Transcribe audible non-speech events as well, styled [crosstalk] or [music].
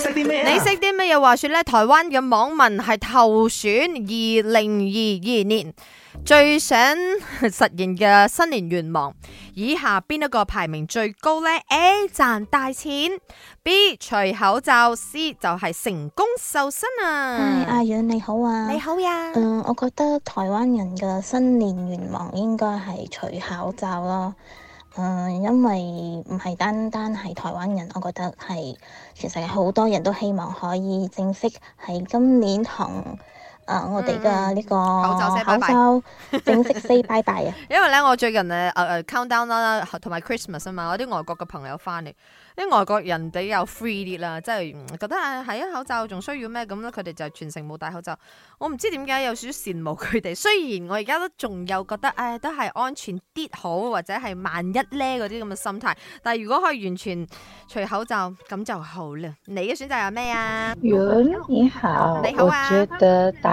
什麼啊，你識啲咩？你識啲咩嘢，話說咧，台灣嘅網民係投選二零二二年最想實現嘅新年願望，以下邊一個排名最高呢？A、賺大錢？B 除口罩？C 就係成功瘦身啊？嗯，阿楊，你好啊，你好呀。嗯，我覺得台灣人嘅新年願望應該係除口罩咯。嗯，因為唔係單單係台灣人，我覺得係全世界好多人都希望可以正式喺今年同。誒、啊，我哋嘅呢個口罩先，拜 [laughs] 拜。口罩正式拜拜啊！因為咧，我最近誒誒 count down 啦，同埋 Christmas 啊嘛，我啲外國嘅朋友翻嚟，啲外國人比較 free 啲啦，即係覺得啊，係、哎、啊，口罩仲需要咩？咁咧，佢哋就全程冇戴口罩。我唔知點解有少少羨慕佢哋。雖然我而家都仲有覺得，誒、哎，都係安全啲好，或者係萬一咧嗰啲咁嘅心態。但係如果可以完全除口罩，咁就好啦。你嘅選擇係咩啊？袁你好，你好啊。